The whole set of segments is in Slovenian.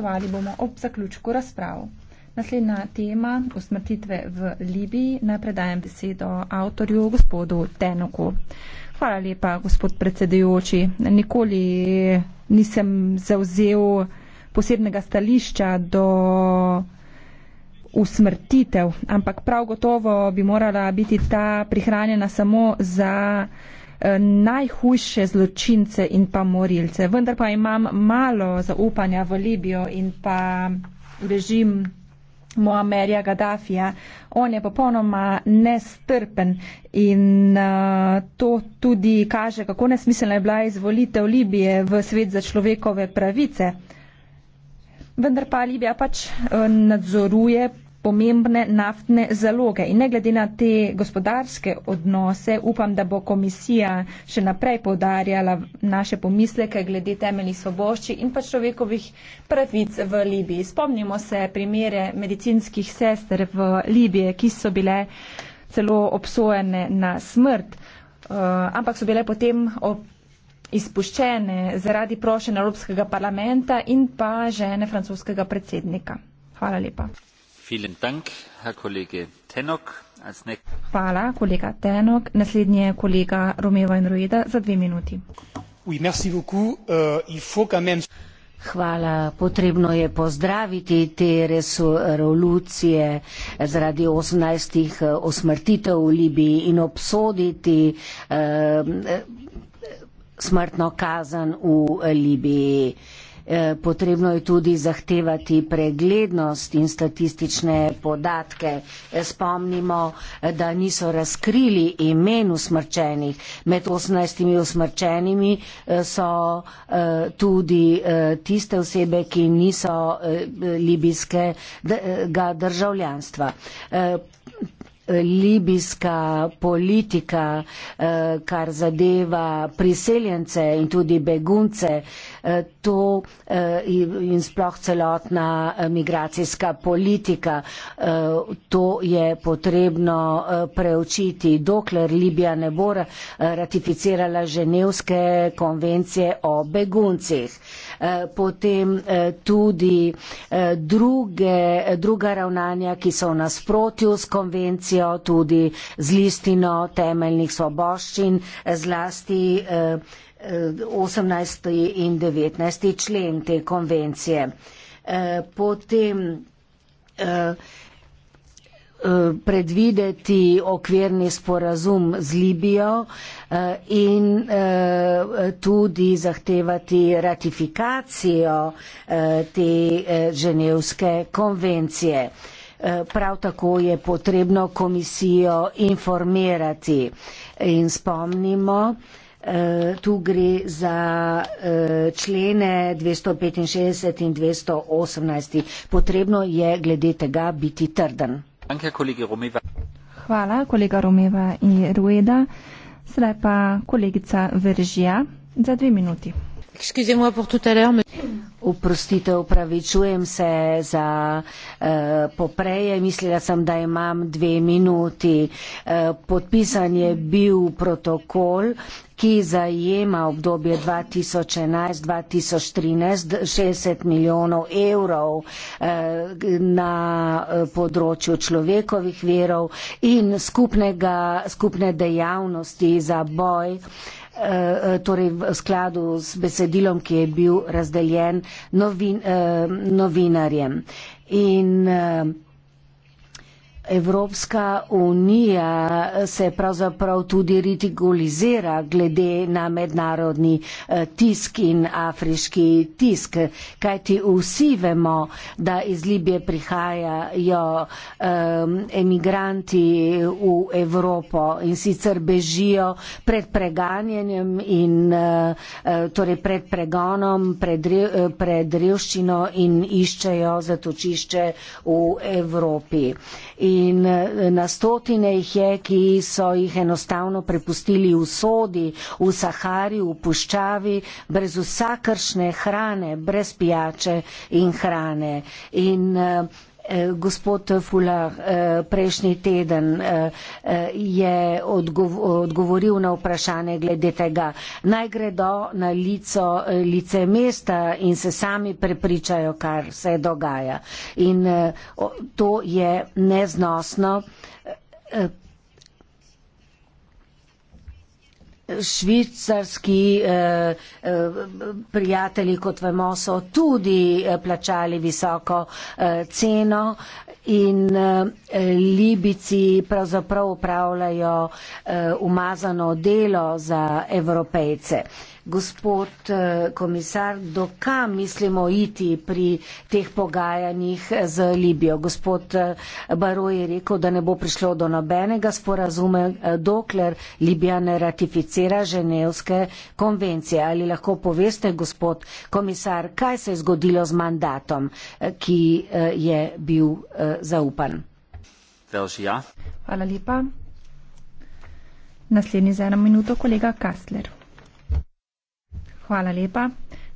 glasovali bomo ob zaključku razprav. Naslednja tema usmrtitve v Libiji. Najprej dajem besedo avtorju, gospodu Tenoku. Hvala lepa, gospod predsedujoči. Nikoli nisem zauzel posebnega stališča do usmrtitev, ampak prav gotovo bi morala biti ta prihranjena samo za Eh, najhujše zločince in pa morilce. Vendar pa imam malo zaupanja v Libijo in pa režim Moamerja Gaddafija. On je popolnoma nestrpen in uh, to tudi kaže, kako nesmiselna je bila izvolitev Libije v svet za človekove pravice. Vendar pa Libija pač uh, nadzoruje pomembne naftne zaloge. In ne glede na te gospodarske odnose, upam, da bo komisija še naprej podarjala naše pomisleke glede temeljnih svobošči in pa človekovih pravic v Libiji. Spomnimo se primere medicinskih sester v Libiji, ki so bile celo obsojene na smrt, eh, ampak so bile potem ob izpuščene zaradi prošenja Evropskega parlamenta in pa žene francoskega predsednika. Hvala lepa. Hvala, kolega Tenok. Naslednji je kolega Romeva in Rueda za dve minuti. Euh, Hvala. Potrebno je pozdraviti te resolucije zaradi 18 eh, osmrtitev v Libiji in obsoditi eh, eh smrtno kazan v Libiji. Eh, Eh, potrebno je tudi zahtevati preglednost in statistične podatke. Eh, spomnimo, eh, da niso razkrili imen usmrčenih. Med 18 usmrčenimi so tudi tiste osebe, ki niso libijskega državljanstva libijska politika, eh, kar zadeva priseljence in tudi begunce, eh, to eh, in sploh celotna migracijska politika, to je potrebno preučiti, dokler Libija ne bo ratificirala ženevske konvencije o beguncih. Eh, potem eh, tudi eh, druge, druga ravnanja, ki so v nasprotju s konvencijo, tudi z listino temeljnih svoboščin, zlasti 18. in 19. člen te konvencije. Potem predvideti okvirni sporazum z Libijo eh, in eh, tudi zahtevati ratifikacijo eh, te ženevske konvencije. Prav tako je potrebno komisijo informirati in spomnimo, tu gre za člene 265 in 218. Potrebno je glede tega biti trden. Hvala, kolega Romeva in Rueda. Sedaj pa kolegica Veržija za dve minuti. Uprostite, upravičujem se za e, popreje. Mislila sem, da imam dve minuti. E, podpisan je bil protokol, ki zajema obdobje 2011-2013 60 milijonov evrov e, na področju človekovih verov in skupnega, skupne dejavnosti za boj. E, Eh, torej v skladu s besedilom, ki je bil razdeljen novin, eh, novinarjem. In eh, Evropska unija se pravzaprav tudi ritigolizira glede na mednarodni eh, tisk in afriški tisk, kajti vsi vemo, da iz Libije prihajajo um, emigranti v Evropo in sicer bežijo pred preganjanjem in uh, torej pred pregonom, pred, pred revščino in iščejo zatočišče v Evropi. In in eh, na stotine jih je, ki so jih enostavno prepustili v sodi, v Sahari, v puščavi, brez vsakršne hrane, brez pijače in hrane. In, uh, Eh, gospod Fular, eh, prejšnji teden eh, eh je odgovo, odgovoril na vprašanje glede tega. Naj gredo na lico, eh, lice mesta in se sami prepričajo, kar se dogaja. In eh, to je neznosno. Eh, švicarski eh, eh, prijatelji, kot vemo, so tudi eh, plačali visoko eh, ceno in eh, Libici pravzaprav upravljajo eh, umazano delo za evropejce. Eh, Gospod eh, komisar, dokam mislimo iti pri teh pogajanjih eh, z Libijo? Gospod eh, Baro je rekel, da ne bo prišlo do nobenega sporazume, dokler Libija ne ratificira Ženevske konvencije. Ali lahko poveste, gospod komisar, kaj se je zgodilo z mandatom, ki je bil zaupan? Ja. Hvala lepa. Naslednji za eno minuto, kolega Kastler. Hvala lepa.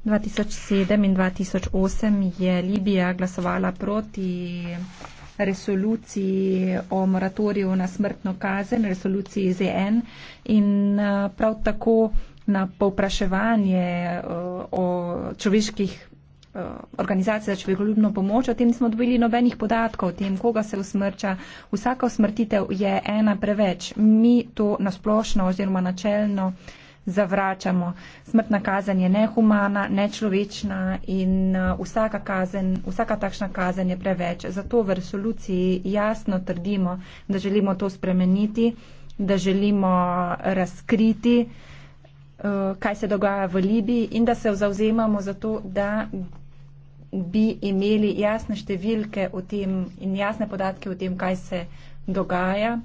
2007 in 2008 je Libija glasovala proti resoluciji o moratoriju na smrtno kazen, resoluciji ZN in eh, prav tako na povpraševanje eh, o človeških eh, organizacij za človekoljubno pomoč, o tem nismo dobili nobenih podatkov, o tem, koga se usmrča. Vsaka usmrtitev je ena preveč. Mi to nasplošno oziroma načelno uh, zavračamo. Smrtna kazen je nehumana, nečlovečna in eh, vsaka, kazen, vsaka takšna kazen je preveč. Zato v resoluciji jasno trdimo, da želimo to spremeniti, da želimo eh, razkriti, eh, kaj se dogaja v Libiji in da se zauzemamo za to, da bi imeli jasne številke o tem in jasne podatke o tem, kaj se dogaja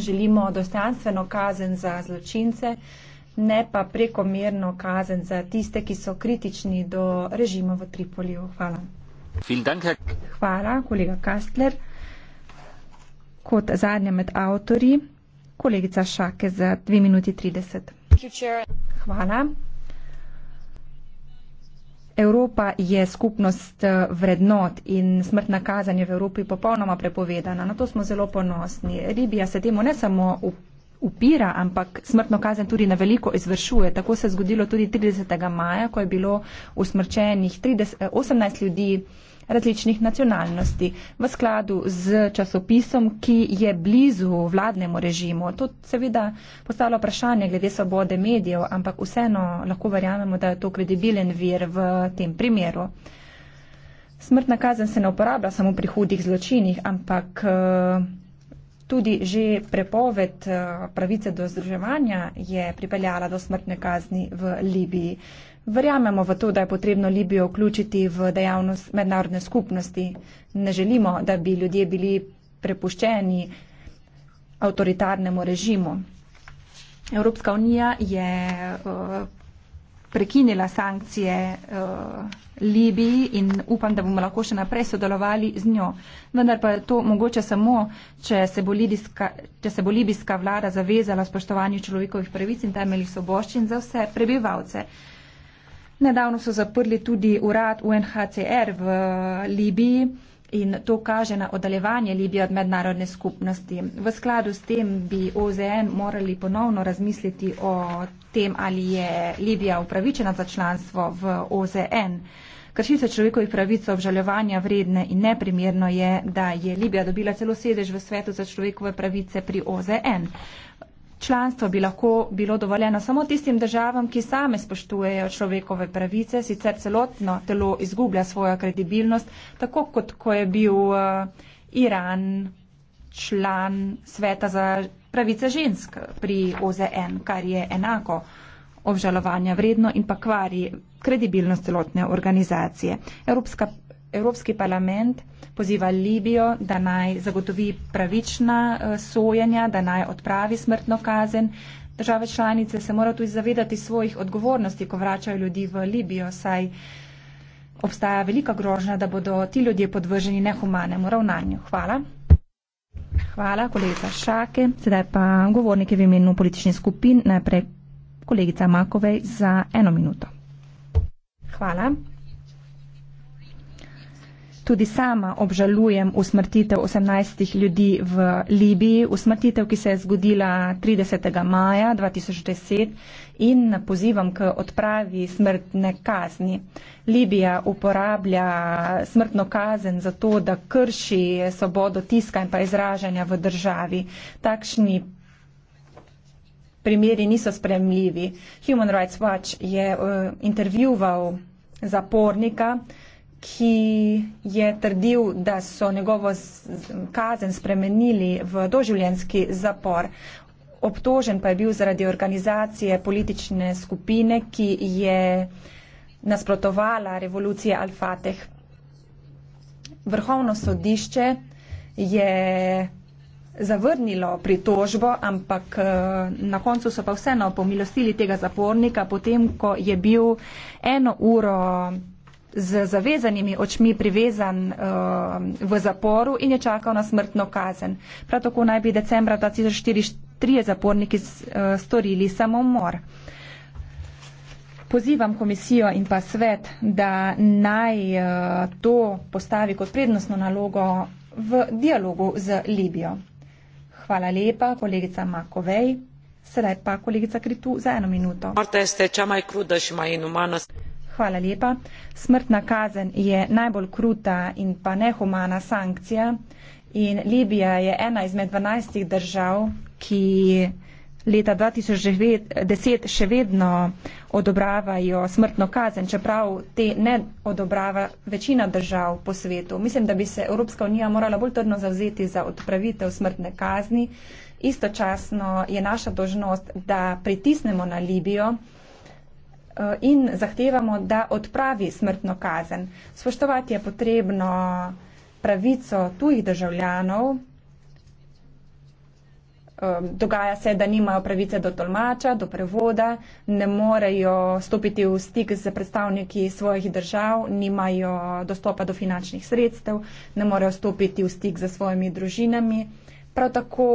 želimo dostanstveno kazen za zločince, ne pa prekomerno kazen za tiste, ki so kritični do režima v Tripoliju. Hvala. Hvala, kolega Kastler. Kot zadnja med avtori, kolegica Šake za 2 minuti 30. Hvala. Evropa je skupnost eh, vrednot in smrtna kazanje v Evropi popolnoma prepovedana. Na to smo zelo ponosni. Ribija se temu ne samo upravlja, upira, ampak smrtno kazen tudi na veliko izvršuje. Tako se je zgodilo tudi 30. maja, ko je bilo usmrčenih 30, 18 eh, ljudi različnih nacionalnosti v skladu z časopisom, ki je blizu vladnemu režimu. To seveda postavlja vprašanje glede svobode medijev, ampak vseeno lahko verjamemo, da je to kredibilen vir v tem primeru. Smrtna kazen se ne uporablja samo pri hudih zločinih, ampak uh, Tudi že prepoved eh, pravice do združevanja je pripeljala do smrtne kazni v Libiji. Verjamemo v to, da je potrebno Libijo vključiti v dejavnost mednarodne skupnosti. Ne želimo, da bi ljudje bili prepuščeni avtoritarnemu režimu. Evropska unija je eh, prekinila sankcije uh, Libiji in upam, da bomo lahko še naprej sodelovali z njo. Vendar pa je to mogoče samo, če se bo, lidiska, če se bo libijska vlada zavezala spoštovanju človekovih pravic in temeljih soboščin za vse prebivalce. Nedavno so zaprli tudi urad UNHCR v Libiji in to kaže na odaljevanje Libije od mednarodne skupnosti. V skladu s tem bi OZN morali ponovno razmisliti o tem, ali je Libija upravičena za članstvo v OZN. Kršitve človekovih pravic obžalovanja vredne in neprimerno je, da je Libija dobila celo sedež v svetu za človekove pravice pri OZN. Članstvo bi lahko bilo dovoljeno samo tistim državam, ki same spoštujejo človekove pravice, sicer celotno telo izgublja svojo kredibilnost, tako kot ko je bil eh, Iran član sveta za pravice žensk pri OZN, kar je enako obžalovanja vredno in pa kvari kredibilnost celotne organizacije. Evropska Evropski parlament poziva Libijo, da naj zagotovi pravična eh, sojenja, da naj odpravi smrtno kazen. Države članice se morajo tudi zavedati svojih odgovornosti, ko vračajo ljudi v Libijo, saj obstaja velika grožnja, da bodo ti ljudje podvrženi nehumanemu ravnanju. Hvala. Hvala, kolegica Šake. Sedaj pa govornike v imenu političnih skupin. Najprej kolegica Makovej za eno minuto. Hvala tudi sama obžalujem usmrtitev 18 ljudi v Libiji, usmrtitev, ki se je zgodila 30. maja 2010 in pozivam k odpravi smrtne kazni. Libija uporablja smrtno kazen zato, da krši svobodo tiska in pa izražanja v državi. Takšni primeri niso spremljivi. Human Rights Watch je uh, intervjuval zapornika, ki je trdil, da so njegovo kazen spremenili v doživljenski zapor. Obtožen pa je bil zaradi organizacije politične skupine, ki je nasprotovala revolucije Alfateh. Vrhovno sodišče je zavrnilo pritožbo, ampak eh, na koncu so pa vseeno pomilostili tega zapornika, potem ko je bil eno uro z zavezanimi očmi privezan uh, v zaporu in je čakal na smrtno kazen. Prav tako naj bi decembra 2004 zaporniki uh, storili samomor. Pozivam komisijo in pa svet, da naj uh, to postavi kot prednostno nalogo v dialogu z Libijo. Hvala lepa, kolegica Makovej. Sedaj pa kolegica Kritu za eno minuto. Hvala lepa. Smrtna kazen je najbolj kruta in pa nehumana sankcija. In Libija je ena izmed 12 držav, ki leta 2010 še vedno odobravajo smrtno kazen, čeprav te ne odobrava večina držav po svetu. Mislim, da bi se Evropska unija morala bolj trdno zavzeti za odpravitev smrtne kazni. Istočasno je naša dožnost, da pritisnemo na Libijo Eh, in zahtevamo, da odpravi smrtno kazen. Spoštovati je potrebno pravico tujih državljanov. Dogaja se, da nimajo pravice do tolmača, do prevoda, ne morejo stopiti v stik z predstavniki svojih držav, nimajo dostopa do finančnih sredstev, ne morejo stopiti v stik z svojimi družinami. Prav tako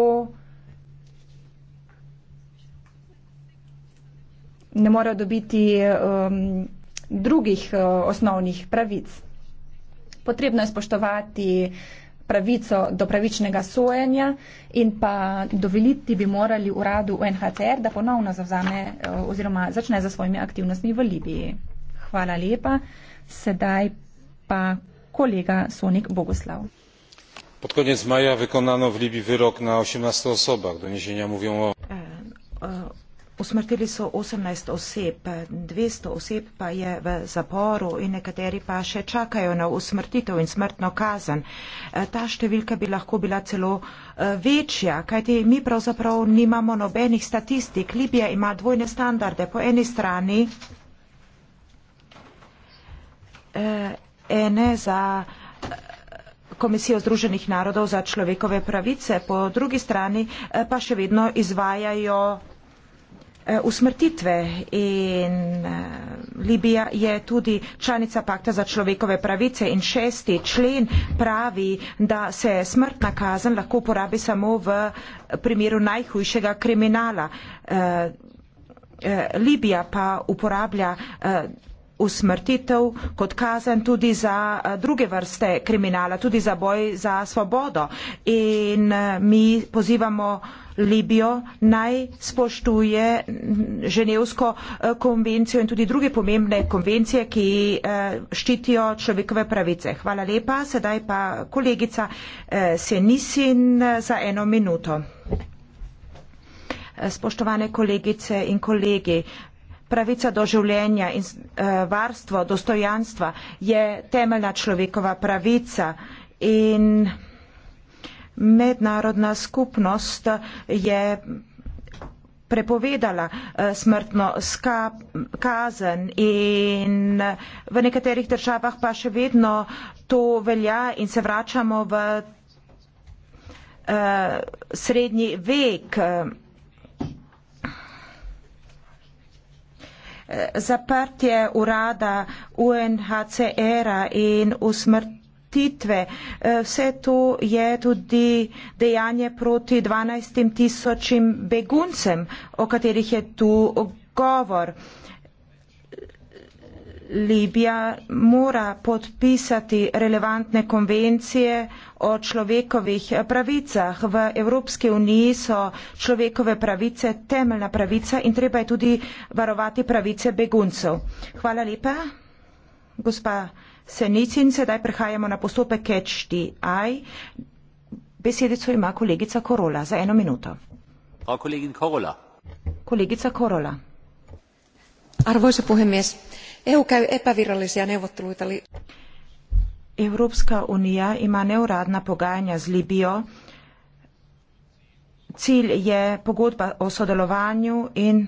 ne morejo dobiti um, drugih uh, osnovnih pravic. Potrebno je spoštovati pravico do pravičnega sojenja in pa doveliti bi morali uradu UNHCR, da ponovno zavzame uh, oziroma začne za svojimi aktivnostmi v Libiji. Hvala lepa. Sedaj pa kolega Sonik Bogoslav. Pod koniec maja wykonano w Libii wyrok na 18 osobach. Doniesienia mówią o. Uh, uh... Usmrtili so 18 oseb, 200 oseb pa je v zaporu in nekateri pa še čakajo na usmrtitev in smrtno kazen. E, ta številka bi lahko bila celo e, večja, kajti mi pravzaprav nimamo nobenih statistik. Libija ima dvojne standarde. Po eni strani e, ene za. Komisijo Združenih narodov za človekove pravice, po drugi strani pa še vedno izvajajo Eh, usmrtitve in eh, Libija je tudi članica pakta za človekove pravice in šesti člen pravi, da se smrtna kazen lahko uporabi samo v primeru najhujšega kriminala. Eh, Libija pa uporablja usmrtitev kot kazen tudi za eh, druge vrste kriminala, tudi za boj za svobodo. In eh, mi pozivamo Libijo naj spoštuje mm, Ženevsko eh, konvencijo in tudi druge pomembne konvencije, ki ščitijo človekove pravice. Hvala lepa. Sedaj pa kolegica Senisin za eno minuto. Spoštovane kolegice in kolegi, pravica do življenja in eh, varstvo dostojanstva je temeljna človekova pravica in mednarodna skupnost je prepovedala eh, smrtno kazen in v nekaterih državah pa še vedno to velja in se vračamo v eh, srednji vek. zaprtje urada UNHCR-a in usmrt. Titve. Eh, vse to je tudi dejanje proti 12 tisočim beguncem, o katerih je tu govor. Libija mora podpisati relevantne konvencije o človekovih pravicah. V Evropski uniji so človekove pravice temeljna pravica in treba je tudi varovati pravice beguncev. Hvala lepa, gospa Senicin. Sedaj prehajamo na postopek HDI. Besedico ima kolegica Korola za eno minuto. Kolegica Korola. Arvoisa puhemies, eu käy epävirallisia neuvotteluita li... Evropska unija ima neuradna pogajanja z Libijo. Cilj je pogodba o sodelovanju in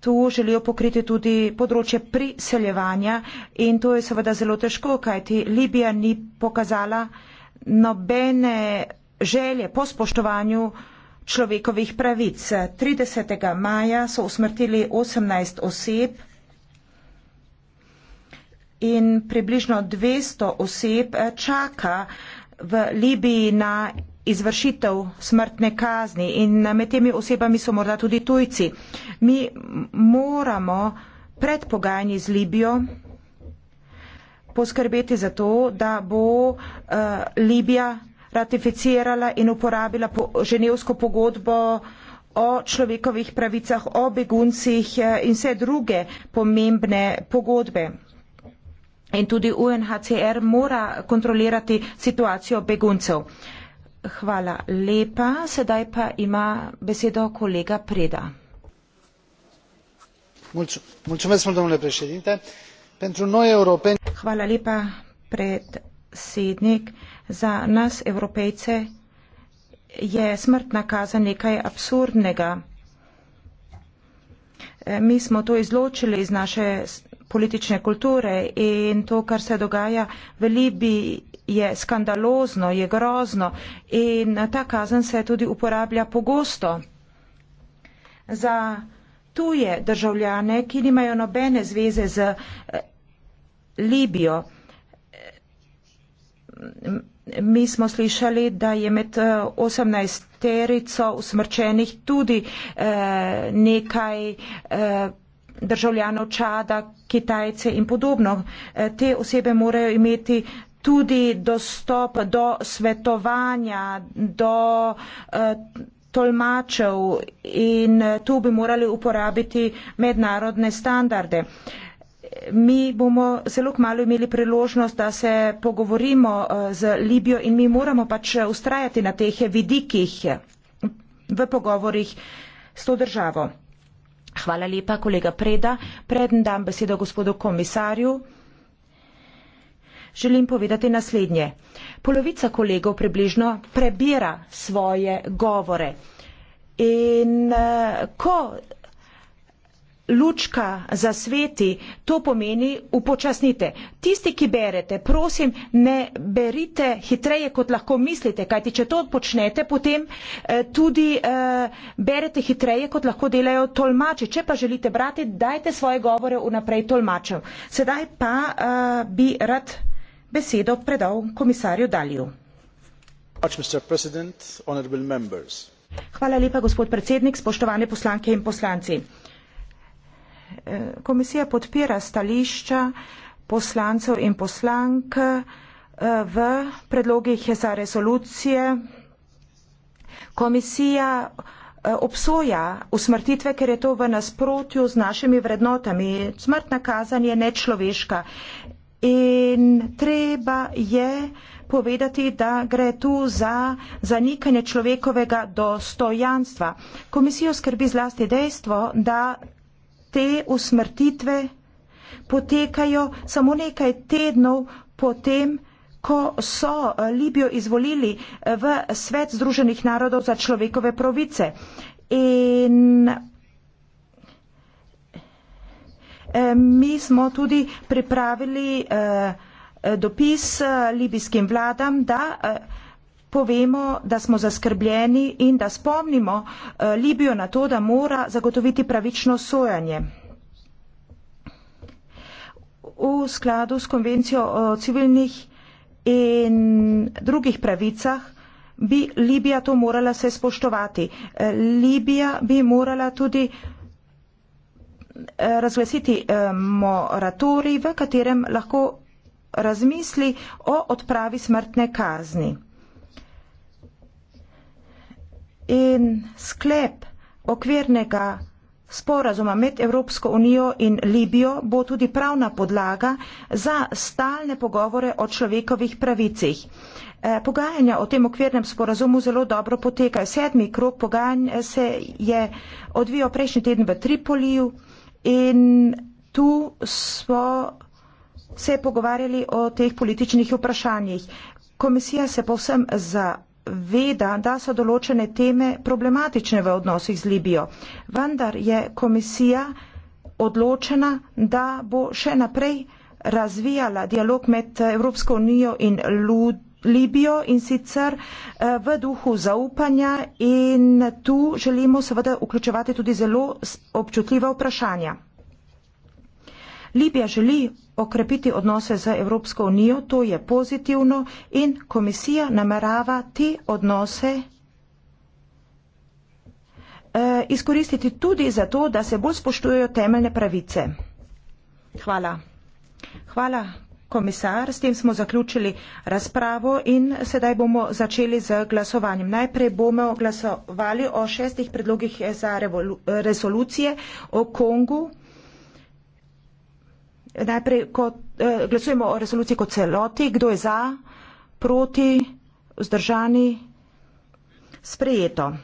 tu želijo pokriti tudi področje priseljevanja in to je seveda zelo težko, kajti Libija ni pokazala nobene želje po spoštovanju uh, človekovih pravic. 30. maja so usmrtili 18 oseb in približno 200 oseb čaka v Libiji na izvršitev smrtne kazni in med temi osebami so morda tudi tujci. Mi moramo pred pogajanji z Libijo poskrbeti za to, da bo uh, Libija ratificirala in uporabila po, ženevsko pogodbo o človekovih pravicah, o beguncih eh, in vse druge pomembne pogodbe. In tudi UNHCR mora kontrolirati situacijo beguncev. Hvala lepa. Sedaj pa ima besedo kolega Preda. Hvala lepa, predsednik. Za nas, evropejce, je smrtna kazen nekaj absurdnega. E, mi smo to izločili iz naše politične kulture in to, kar se dogaja v Libiji, je skandalozno, je grozno in ta kazen se tudi uporablja pogosto. Za tuje državljane, ki nimajo nobene zveze z e, Libijo, mi smo slišali, da je med 18 eh, terico usmrčenih tudi eh, nekaj eh, državljanov Čada, Kitajce in podobno. Eh, te osebe morajo imeti tudi dostop do svetovanja, do eh, tolmačev in eh, tu bi morali uporabiti mednarodne standarde. Eh, Mi bomo zelo kmalo imeli priložnost, da se pogovorimo eh, z Libijo in mi moramo pač ustrajati eh, na teh vidikih v pogovorih s to državo. Hvala lepa, kolega Preda. Preden dam besedo gospodu komisarju, želim povedati naslednje. Polovica kolegov približno prebira svoje govore. In eh, ko lučka zasveti, to pomeni upočasnite. Tisti, ki berete, prosim, ne berite hitreje, kot lahko mislite, kajti če to počnete, potem eh, tudi eh, berete hitreje, kot lahko delajo tolmači. Če pa želite brati, dajte svoje govore vnaprej tolmačev. Sedaj pa eh, bi rad besedo predal komisarju Dalju. Hvala lepa, gospod predsednik, spoštovane poslanke in poslanci. Komisija podpira stališča poslancev in poslank eh, v predlogih za rezolucije. Komisija eh, obsoja usmrtitve, ker je to v nasprotju z našimi vrednotami. Smrtna kazan je nečloveška. In treba je povedati, da gre tu za zanikanje človekovega dostojanstva. Komisijo skrbi zlasti dejstvo, da te usmrtitve potekajo samo nekaj tednov potem, ko so eh, Libijo izvolili eh, v svet Združenih narodov za človekove pravice. In eh, mi smo tudi pripravili dopis libijskim vladam, da povemo, da smo zaskrbljeni in da spomnimo eh, Libijo na to, da mora zagotoviti pravično sojanje. V skladu s konvencijo o civilnih in drugih pravicah bi Libija to morala se spoštovati. Eh, Libija bi morala tudi eh, razglasiti moratorij, v katerem lahko razmisli o odpravi smrtne kazni in sklep okvirnega sporazuma med Evropsko unijo in Libijo bo tudi pravna podlaga za stalne pogovore o človekovih pravicih. Eh, pogajanja o tem okvirnem sporazumu zelo dobro potekajo. Sedmi krok pogajanj eh, se je odvijal prejšnji teden v Tripoliju in tu smo se pogovarjali o teh političnih vprašanjih. Komisija se povsem za veda, da so določene teme problematične v odnosih z Libijo. Vendar je komisija odločena, da bo še naprej razvijala dialog med Evropsko unijo in ljudmi. Libijo in sicer eh, v duhu zaupanja in tu želimo seveda vključevati tudi zelo občutljiva vprašanja. Libija želi okrepiti odnose z Evropsko unijo, to je pozitivno in komisija namerava te odnose eh, izkoristiti tudi za to, da se bolj spoštujejo temeljne pravice. Hvala. Hvala, komisar. S tem smo zaključili razpravo in sedaj bomo začeli z glasovanjem. Najprej bomo glasovali o šestih predlogih za revolu, resolucije o Kongu. Najprej kot, eh, glasujemo o resoluciji kot celoti. Kdo je za, proti, vzdržani, sprejeto.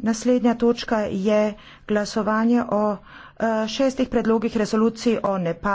Naslednja točka je glasovanje o eh, šestih predlogih resolucij o Nepalu.